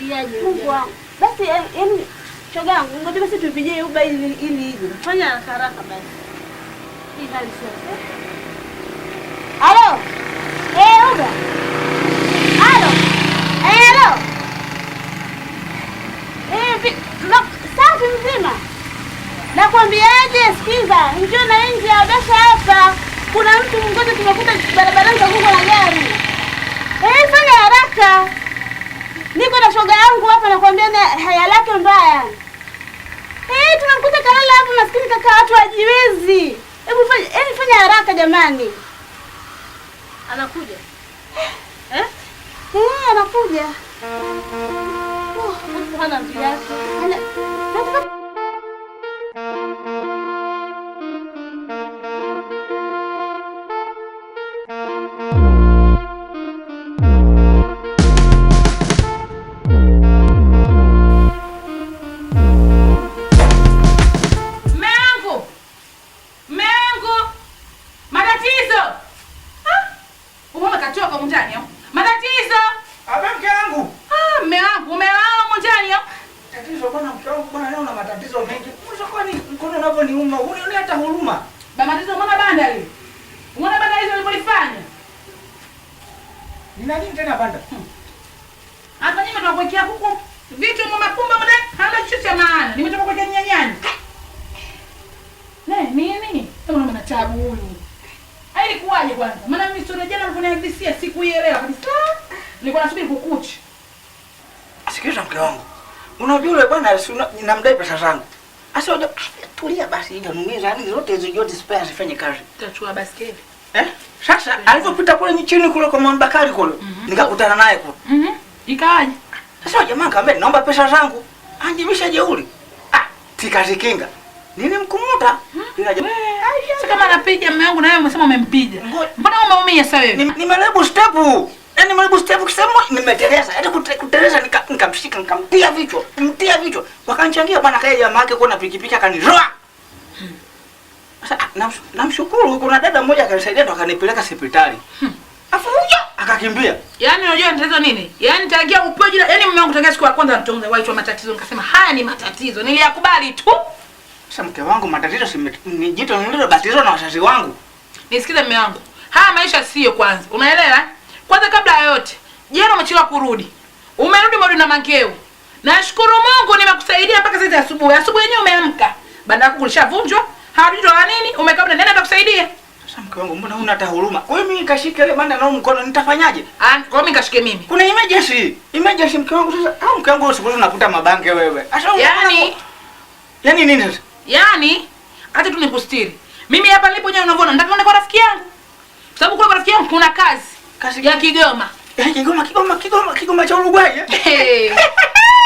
Unasaidiaje? Mungu wangu. Basi eh, yaani shoga yangu, ngoja basi tupigie Uba ili ili ije. Fanya haraka haraka basi. Hii hali sio. Halo. Eh, Uba. Halo. Eh, halo. Eh, safi mzima. Nakwambiaje, sikiza, njoo na nje ya dasha hapa. Kuna mtu mmoja tumekuta barabarani kwa na gari. Eh, fanya haraka. Niko na shoga yangu hapa nakwambia na haya lake mbaya. Eh, tunamkuta kalala hapo maskini kaka watu hajiwezi. Hebu fanya, hebu fanya haraka jamani. Anakuja. Eh? Eh, anakuja. Oh, hana mjaki. Nina nini tena banda? Hapa hmm. nyama tunakuwekea kuku. Vitu mwa makumba hamna kitu cha maana. Nimetoka kwa nyanya nyanya. Ne, nini? Kama mama tabu huyu. Hai kuwaje kwanza? Maana mimi sio jana niliponiambia sikuielewa kabisa. Nilikuwa nasubiri kukuchi. Sikiliza mke wangu. Unajua yule bwana namdai pesa zangu. Asa tulia basi hiyo numiza, yani zote hizo zote sipaya zifanye kazi. Tutachukua basketi. Eh? Sasa alipopita kule nchini kule kwa Mama Bakari kule, mm -hmm. nikakutana naye kule. Mhm. Mm Ikaje? Sasa jamaa nikamwambia naomba pesa zangu. Anjimisha jeuri. Ah, tikazikinga. Nini mkumuta? Mhm. Sasa kama anapiga mume wangu na wewe umesema umempiga. Mbona umeumia sasa wewe? Nimelebu ni step. Yaani nimelebu step kisema nimeteleza. Hata yaani kuteleza nikamshika nikamtia vichwa. Mtia vichwa. Wakanichangia bwana kae jamaa yake kwa na pikipiki akaniroa. Namshukuru, kuna dada mmoja akanisaidia ndo akanipeleka hospitali. Hmm. Afu huyo akakimbia. Yaani unajua nitaweza nini? Yaani tangia upoje, yaani mume wangu tangia siku ya kwanza anatonza waitwa matatizo nikasema haya ni matatizo. Niliyakubali tu. Sasa mke wangu matatizo si ni jito batizwa na wazazi wangu. Nisikize mume wangu. Haya maisha sio kwanza. Unaelewa? Kwanza kabla ya yote, jana umechelewa kurudi. Umerudi mbona na mangeo. Nashukuru Mungu nimekusaidia mpaka sasa asubuhi. Asubuhi yenyewe umeamka. Banda yako kulishavunjwa hawajitoa nini? Umekaa nani atakusaidia? Sasa mke wangu, mbona huna hata huruma? Kwa hiyo mimi nikashike ile banda na mkono nitafanyaje? Ah, kwa mimi nikashike mimi. Kuna emergency. Emergency mke wangu sasa. Au mke wangu usiku unakuta mabange wewe. Sasa yaani yaani nini sasa? Yaani hata tu nikustiri. Mimi hapa nilipo nyewe unaona ndaki kwa rafiki yangu. Sababu kwa rafiki yangu kuna kazi. Kazi ya Kigoma. Ya eh, Kigoma, Kigoma, Kigoma, Kigoma cha Uruguay. Eh?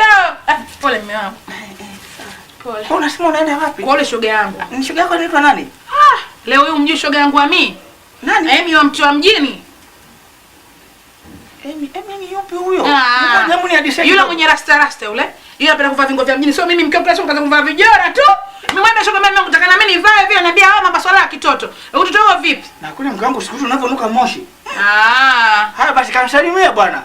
Eh, pole mume wangu. Pole. Unasema unaenda wapi? Pole shoga yangu. Ni shoga yako anaitwa nani? Ah, leo huyu mjui shoga yangu Ami. Nani? Emi eh, wa mtu wa mjini. Emi, eh, Emi ni yupi huyo? Ah. Yule mwenye rasta rasta yule. Yule anapenda kuvaa vingo vya mjini. Sio mimi mkeo pesa nikaanza kuvaa vijora tu. Nimwambia shoga mimi nataka na mimi nivae vile na bia mama ya kitoto. Utoto wao vipi? Na kule mke wangu siku hizo unavyonuka moshi. Ah. Haya basi kamsalimia bwana.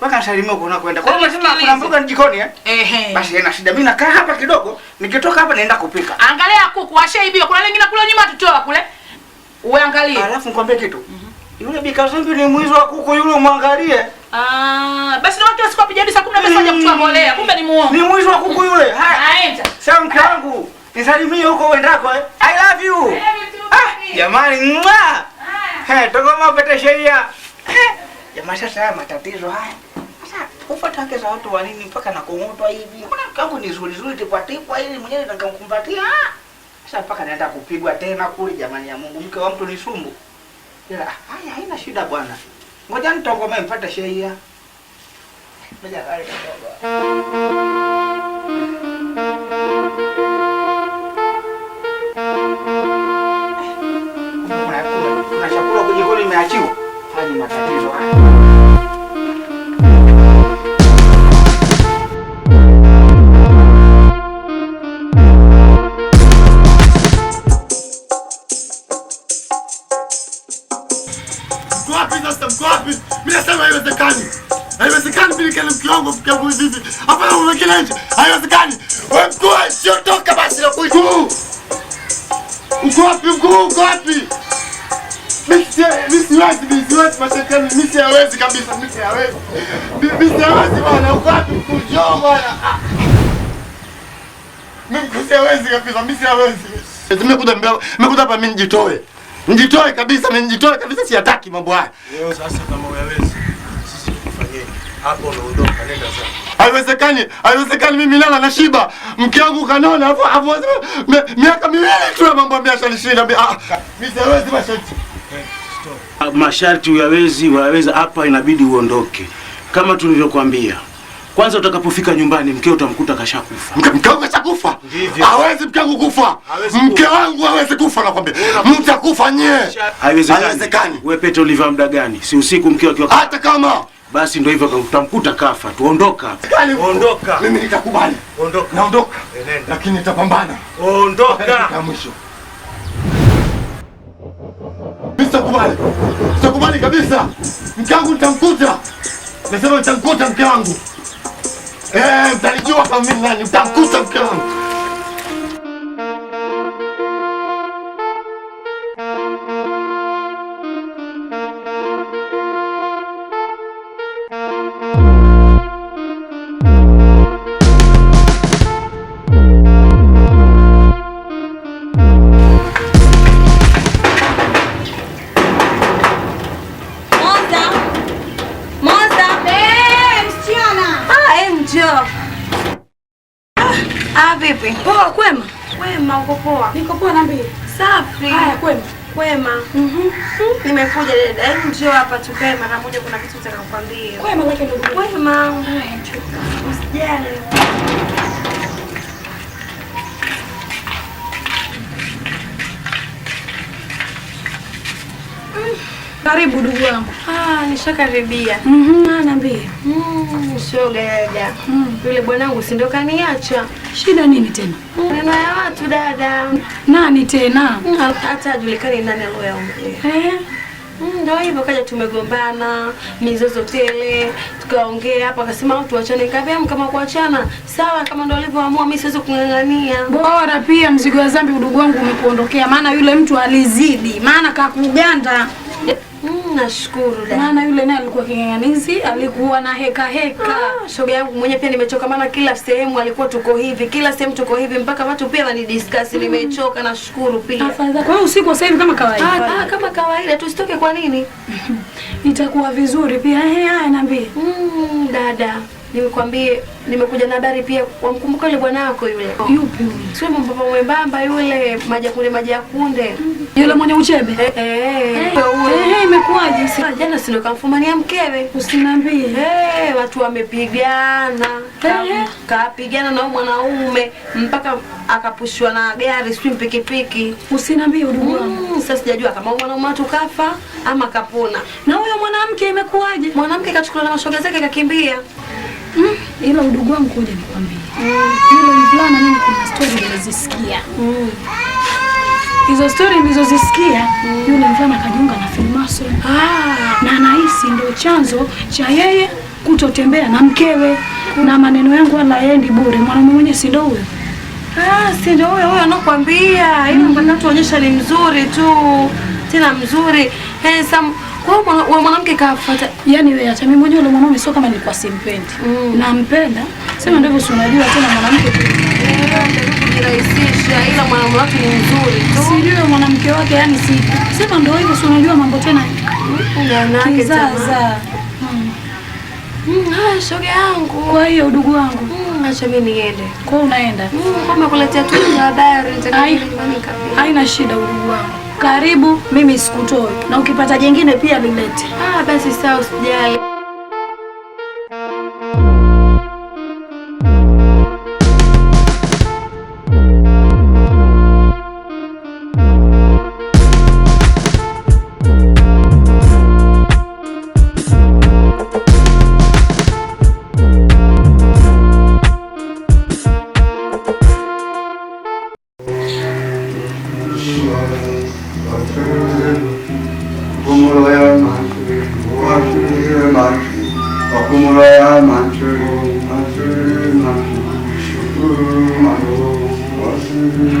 Weka salimia kuna kwenda. Kwa hiyo unasema kuna mboga jikoni eh? Ehe. Basi yana shida. Mimi nakaa hapa kidogo, nikitoka hapa naenda kupika. Angalia kuku ashaibiwa. Kuna lingine kula nyuma tutoa kule. Uwe angalie. Alafu nikwambie kitu. Mm -hmm. Yule bika zambi ni mwizi wa kuku yule muangalie. Ah, basi ndio kila kwa apija saa 10 na mesa kutoa mbolea. Kumbe ni muongo. Ni mwizi wa kuku yule. Ah, haya. Aenda. Sasa mke ah. wangu, nisalimie huko uendako eh. I love you. ah, jamani mwa. Haya. Hey, tokoma pete sheria. Jamani, sasa matatizo haya kufuata haki za watu wa nini mpaka nakong'otwa hivi? Mbona kangu ni zuri zuri tipwa tipwa ili mwenyewe nikakumbatia. Sasa mpaka naenda kupigwa tena kule, jamani ya Mungu, mke wa mtu ni sumbu. Ila haya haina shida bwana. Ngoja nitongomee mpate sheria. Ngoja kale kidogo. Eh, kuna chakula imeachiwa. Haji matatizo haya. kile mke wangu sisi. Hapa umekelea hicho. Haiwezekani. Wewe mkuu sio toka basi na kuita. Uko wapi mkuu? Uko wapi? Mimi siwezi, mimi siwezi mashakani, mimi siwezi kabisa, mimi siwezi. Mimi siwezi bwana, uko wapi mkuu? Njoo bwana. Ah. Mimi siwezi kabisa, mimi siwezi. Nimekuja mbele, nimekuja hapa mimi nijitoe. Nijitoe kabisa, mimi nijitoe kabisa, siyataki mambo haya. sasa kama hapo unaondoka, nenda sasa. Haiwezekani, haiwezekani mimi nala na shiba. Mke wangu kanona hapo hapo miaka miwili tu mambo ameshanishinda. Ah, mimi ah, siwezi masharti. Ah, masharti uyawezi, waweza hapa inabidi uondoke. Kama tulivyokuambia. Kwanza utakapofika nyumbani mkeo utamkuta kashakufa. Mke wangu kashakufa? Hawezi mke wangu kufa. Mke wangu hawezi kufa nakwambia. Mtakufa nyie. Haiwezekani. Wewe pete ulivaa muda gani? Si usiku mkeo akiwa. Hata kama basi ndio hivyo, utamkuta kafa. Tuondoka, ondoka. Mimi nitakubali, ondoka, naondoka, lakini nitapambana. Ondoka mwisho, sitakubali, sitakubali kabisa. Mke wangu nitamkuta, nasema nitamkuta mke wangu. Eh, mtalijua kama mimi nani, mtamkuta mke wangu. Ngoja yaani njoo hapa tukae mara moja, kuna kitu nataka kukwambia. Wewe mama yake ndugu. Wewe mama. Usijali. Karibu ndugu wangu. Ah, nishakaribia. Mhm, niambie. Mhm, shoga dada. Mm. Yule bwanangu si ndo kaniacha. Shida nini tena? Maneno mm, ya watu dada. Nani tena? Mm, hata hajulikani nani aliyoyaongea. Eh? Mm, ndio hivyo, kaja tumegombana, mizozo tele, tukaongea hapa, akasema tuachane. Kaambia kama kuachana sawa, kama ndio alivyoamua, mimi siwezi kung'ang'ania. Bora pia mzigo wa dhambi udugu wangu umekuondokea, maana yule mtu alizidi, maana kakuganda Mm, nashukuru maana yule naye alikuwa kinganganizi, alikuwa na heka heka. Ah, shoga yangu mwenye pia nimechoka, maana kila sehemu alikuwa tuko hivi, kila sehemu tuko hivi, mpaka watu pia wanidiscuss. Mm, nimechoka. Nashukuru pia. Afadhali kwa usiku sasa hivi kama kawaida. Ah, ah, kama kawaida tusitoke, kwa nini? Itakuwa vizuri pia. Ehe, hey nimekwambie, nimekuja na habari pia. Wamkumbuka yule bwana wako yule? Yupi yule? Sio mbaba mwembamba yule, majakunde majakunde, yule mwenye uchebe. Eh, eh, eh. imekuwaje? Ah, jana si ndo kamfumania mkewe, usiniambie. Eh, watu wamepigana, kapigana na mwanaume mpaka akapushwa na gari, sijui pikipiki. Usiniambie udugu wangu. Mm, sasa sijajua kama mwanaume watu kafa ama kapona. Na huyo mwanamke imekuwaje? Mwanamke kachukuliwa na mashoga zake kakimbia. Mm, ila udugu wangu kuja nikwambie. Yule mm. mvulana mimi kuna story nilizisikia. Mm. Hizo story nilizozisikia mm. yule mvulana kajiunga na Freemason. Ah, na anahisi ndio chanzo cha yeye kutotembea na mkewe. Mm. Na maneno yangu wala yendi bure. Mwanamume mwenye si ndio huyo? Ah, si ndio huyo huyo anakuambia. Yule mm. mvulana tuonyesha ni mzuri tu. Tena mzuri. Handsome. Wewe mwanamke kafuata. Yaani wewe hata mimi mwenyewe ule mwanaume sio kama nilikuwa simpendi. Mm. Nampenda. Sema ndivyo si unajua tena mwanamke kujirahisisha ila mwanaume wake ni mzuri tu. Si mwanamke wake yani si. Sema ndio hivyo si unajua mambo tena. Mwanamke sasa. Mm, ah, shoga yangu. Kwa hiyo udugu wangu. Mm, acha mimi niende. Kwa unaenda? Mm, kwa umekuletea tu habari nitakwenda nyumbani kabisa. Haina shida udugu wangu. Karibu, mimi sikutoi, na ukipata jengine pia nilete. Ah, basi sawa, usijali.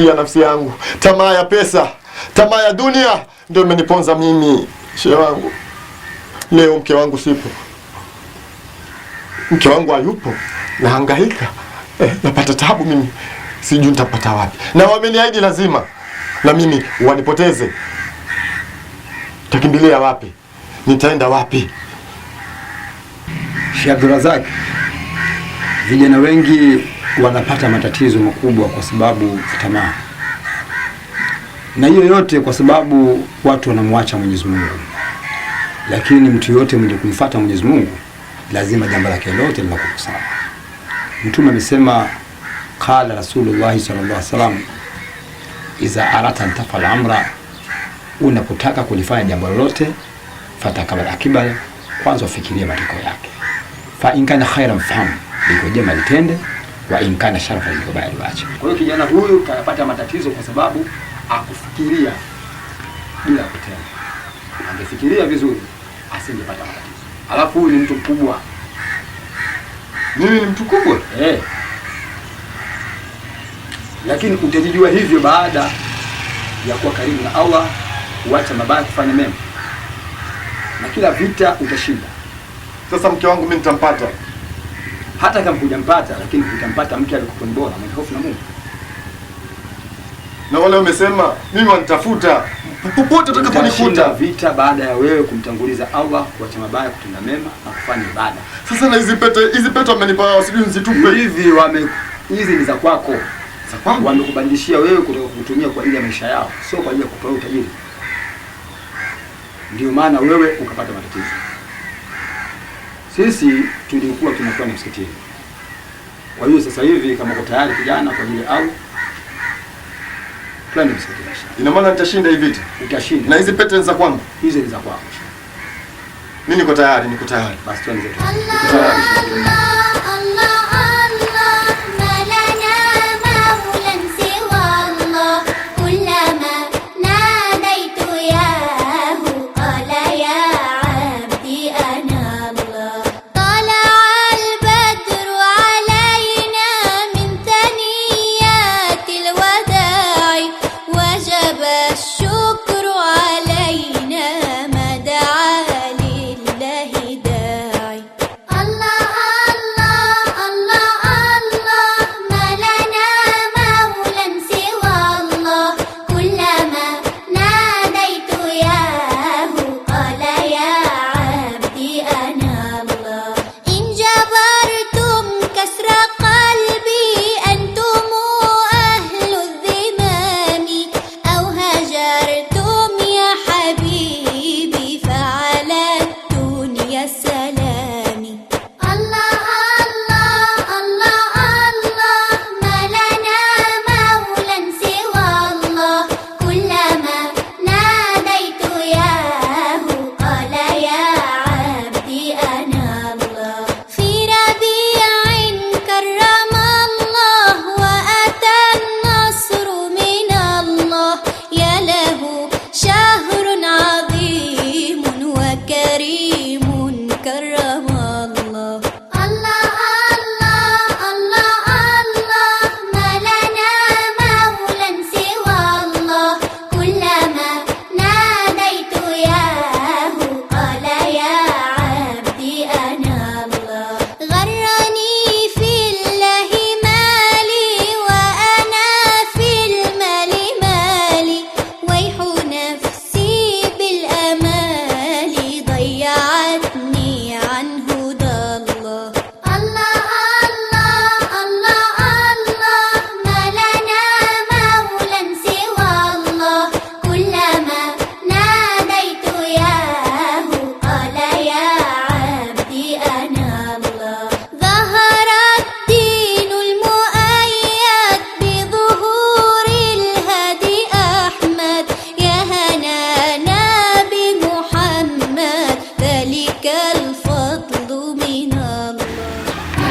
kuitia nafsi yangu. Tamaa ya pesa, tamaa ya dunia ndio imeniponza mimi. Shehe wangu leo mke wangu sipo, mke wangu hayupo, nahangaika eh, napata tabu mimi, sijui nitapata wapi, na wameniahidi lazima na mimi wanipoteze. Takimbilia wapi? Nitaenda wapi? Sheikh Abdurazak, vijana wengi wanapata matatizo makubwa kwa sababu tamaa, na hiyo yote kwa sababu watu wanamwacha Mwenyezi Mungu. Lakini mtu yote mwenye kumfuata Mwenyezi Mungu lazima jambo lake lote linakuwa sawa. Mtume amesema qala Rasulullah sallallahu alaihi wasallam, iza arata antafal amra, unapotaka kulifanya jambo lolote fatakabal akibala, kwanza ufikirie matokeo yake, fa in kana khairan fahamu, liko jema litende wa inkana sharafa zikobaya liwacha. Kwa hiyo kijana huyu kanapata matatizo kwa sababu akufikiria bila kutenda. Angefikiria vizuri asingepata matatizo. Alafu huyu ni mtu mkubwa. Mimi ni mtu mkubwa eh, lakini utajijua hivyo baada ya kuwa karibu na Allah, kuacha mabaya, kufanya mema, na kila vita utashinda. Sasa mke wangu mimi nitampata hata kama hujampata, lakini utampata mke aliyekuwa mwenye hofu na Mungu. Na wale wamesema mimi wanitafuta popote utakaponikuta. Vita baada ya wewe kumtanguliza Allah, kuacha mabaya, kutenda mema na kufanya ibada. Sasa na hizi pete, hizi pete wamenipa, sijui nzitupe hivi. Wame hizi ni za kwako, za kwangu. Wamekubadilishia wewe kutoka kutumia kwa ajili ya maisha yao, sio kwa ajili ya kupata utajiri. Ndio maana wewe ukapata matatizo sisi tulikuwa tunakuwa ni msikitini. Kwa hiyo sasa hivi kama uko tayari kijana kwa ajili au plani msikitini. Ina maana nitashinda hivi vita. Utashinda. Na hizi pete za kwangu, hizi ni za kwako. Mimi niko tayari, niko tayari. Basi tuanze tu.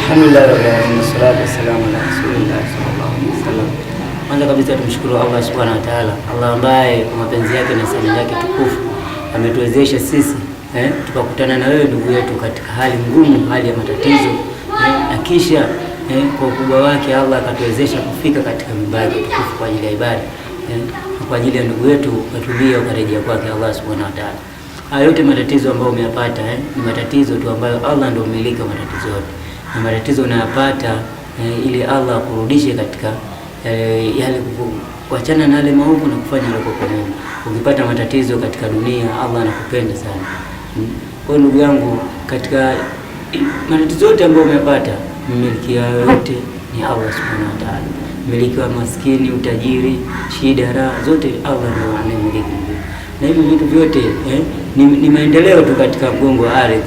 Alhamdulillah Kwanza kabisa tumshukuru Allah subhanahu wa ta'ala, Allah ambaye kwa mapenzi yake na sala yake tukufu ametuwezesha sisi eh, tukakutana na wewe ndugu yetu katika hali ngumu, hali ya matatizo eh, na kisha eh, kwa ukubwa wake Allah akatuwezesha kufika katika mibaki tukufu kwa ajili ya ibada eh, kwa ajili ya ndugu yetu ukatulia ukarejea kwake Allah subhanahu wa ta'ala. Haya yote matatizo ambayo umeyapata eh, ni matatizo tu ambayo Allah ndio umiliki matatizo yote, na matatizo unayapata eh, ili Allah akurudishe katika eh, yale kuachana na yale maovu na kufanya yale kwa Mungu. Ukipata matatizo katika dunia, Allah anakupenda sana. Kwa hiyo ndugu yangu, katika matatizo yote ambayo umeyapata, mmiliki yote ni Allah subhanahu wa ta'ala. Mmiliki wa maskini, utajiri, shida, raha zote Allah ndio anayemiliki na hivi vitu vyote eh, ni, ni maendeleo tu katika mgongo wa ardhi,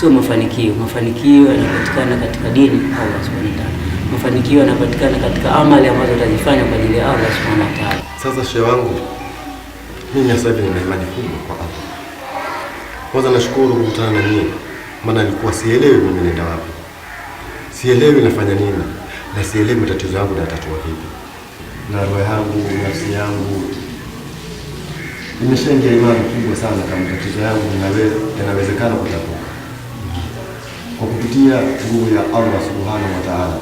sio mafanikio. Mafanikio yanapatikana katika dini Allah subhanahu wa ta'ala, mafanikio yanapatikana katika amali ambazo utazifanya kwa ajili ya Allah subhanahu wa ta'ala. Sasa shehe wangu, mimi sasa hivi nina imani kubwa kwa Allah. Kwanza nashukuru kukutana na nyinyi, maana nilikuwa sielewi mimi nenda wapi, sielewi nafanya nini, na sielewi tatizo yangu nayatatua vipi, na roho yangu, nafsi yangu nimeshaingia imani kubwa sana kama matatizo yangu yanawezekana kutatuka kwa kupitia nguvu ya Allah subhanahu wa ta'ala.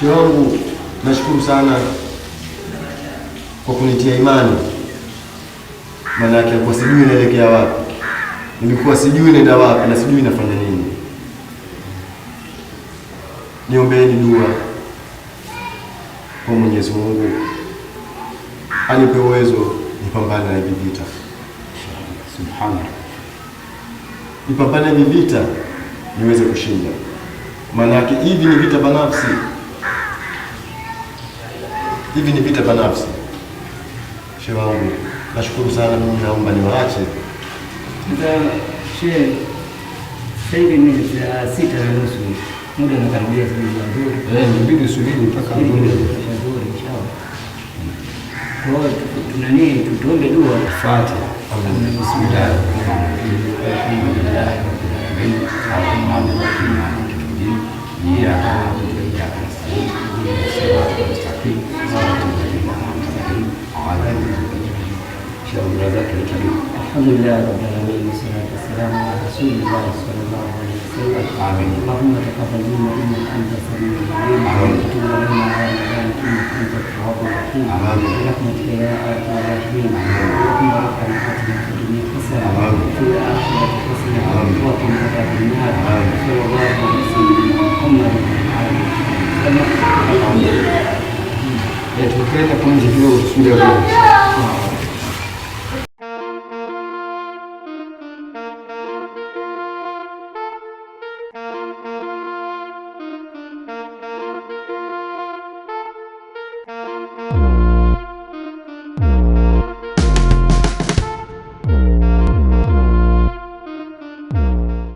Shehe wangu, nashukuru sana kwa kunitia imani, maana yake kwa sijui naelekea wapi, nilikuwa sijui naenda wapi na sijui nafanya nini. Niombeeni dua kwa Mwenyezi Mungu anipe uwezo kupambana na hivi vita. Subhanallah, nipambane hivi vita niweze kushinda, Maana yake hivi ni vita banafsi, hivi ni vita banafsi. Shehe wangu, nashukuru sana. Mimi naomba niwaache hivi ni saa sita na nusu, muda unakaribia eh, subiri mpaka kwa hiyo لبنانيين تولدوا الفاتحة بسم الله الرحمن الرحيم الحمد لله رب العالمين الرحمن الحمد لله رب العالمين والصلاة والسلام على رسول الله صلى الله عليه وسلم آمين اللهم تقبل منا إنك أنت mtoto mtakatifu sallallahu alaihi Muhammad